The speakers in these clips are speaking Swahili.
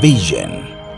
Vision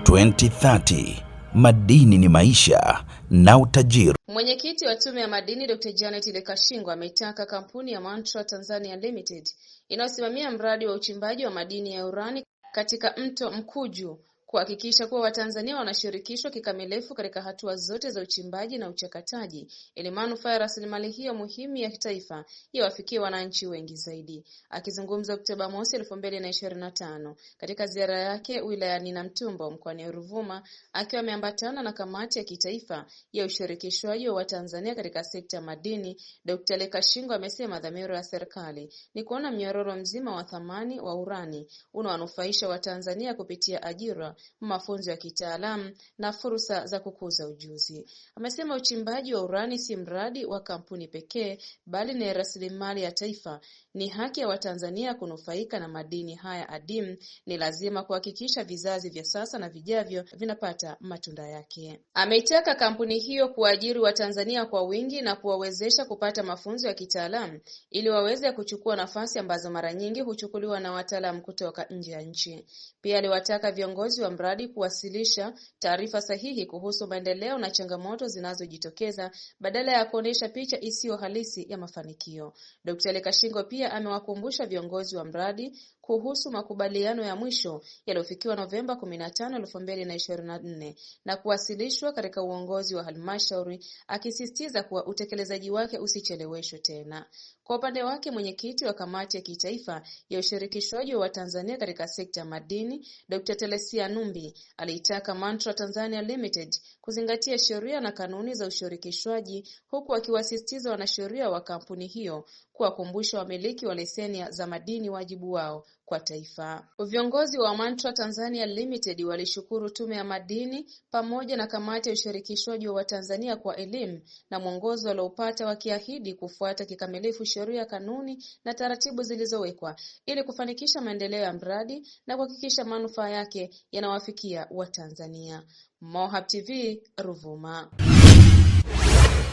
2030 madini ni maisha na utajiri. Mwenyekiti wa Tume ya Madini Dr. Janet Lekashingo ameitaka kampuni ya Mantra Tanzania Limited inayosimamia mradi wa uchimbaji wa madini ya urani katika mto Mkuju kuhakikisha kuwa Watanzania wanashirikishwa kikamilifu katika hatua zote za uchimbaji na uchakataji ili manufaa ya rasilimali hiyo muhimu ya taifa iwafikie wananchi wengi zaidi. Akizungumza Oktoba mosi elfu mbili na ishirini na tano katika ziara yake wilayani Namtumbo mkoani Ruvuma, akiwa ameambatana na kamati ya kitaifa ya ushirikishwaji wa Watanzania katika sekta madini, Dkt. Lekashingo amesema dhamiro ya serikali ni kuona mnyororo mzima wa thamani wa urani unawanufaisha Watanzania kupitia ajira mafunzo ya kitaalamu na fursa za kukuza ujuzi. Amesema uchimbaji wa urani si mradi wa kampuni pekee, bali ni rasilimali ya taifa. Ni haki ya Watanzania kunufaika na madini haya adimu. Ni lazima kuhakikisha vizazi vya sasa na vijavyo vinapata matunda yake. Ameitaka kampuni hiyo kuajiri Watanzania kwa wingi na kuwawezesha kupata mafunzo ya kitaalamu ili waweze kuchukua nafasi ambazo mara nyingi huchukuliwa na wataalamu kutoka nje ya nchi. Pia aliwataka viongozi wa mradi kuwasilisha taarifa sahihi kuhusu maendeleo na changamoto zinazojitokeza badala ya kuonyesha picha isiyo halisi ya mafanikio. Dkt. Lekashingo pia amewakumbusha viongozi wa mradi kuhusu makubaliano ya mwisho yaliyofikiwa Novemba 15, 2024 na kuwasilishwa katika uongozi wa halmashauri, akisisitiza kuwa utekelezaji wake usicheleweshwe tena. Kwa upande wake, mwenyekiti wa kamati ya kitaifa ya ushirikishwaji wa Tanzania katika sekta ya madini Dr. Telesia Kanumbi aliitaka Mantra Tanzania Limited kuzingatia sheria na kanuni za ushirikishwaji huku akiwasisitiza wanasheria wa kampuni hiyo kuwakumbusha wamiliki wa leseni za madini wajibu wao kwa taifa. Viongozi wa Mantra Tanzania Limited walishukuru Tume ya Madini pamoja na Kamati ya Ushirikishwaji wa Watanzania kwa elimu na mwongozo walioupata, wakiahidi kufuata kikamilifu sheria, kanuni na taratibu zilizowekwa ili kufanikisha maendeleo ya mradi na kuhakikisha manufaa yake yana yanawafikia watanzania Mohab Tv Ruvuma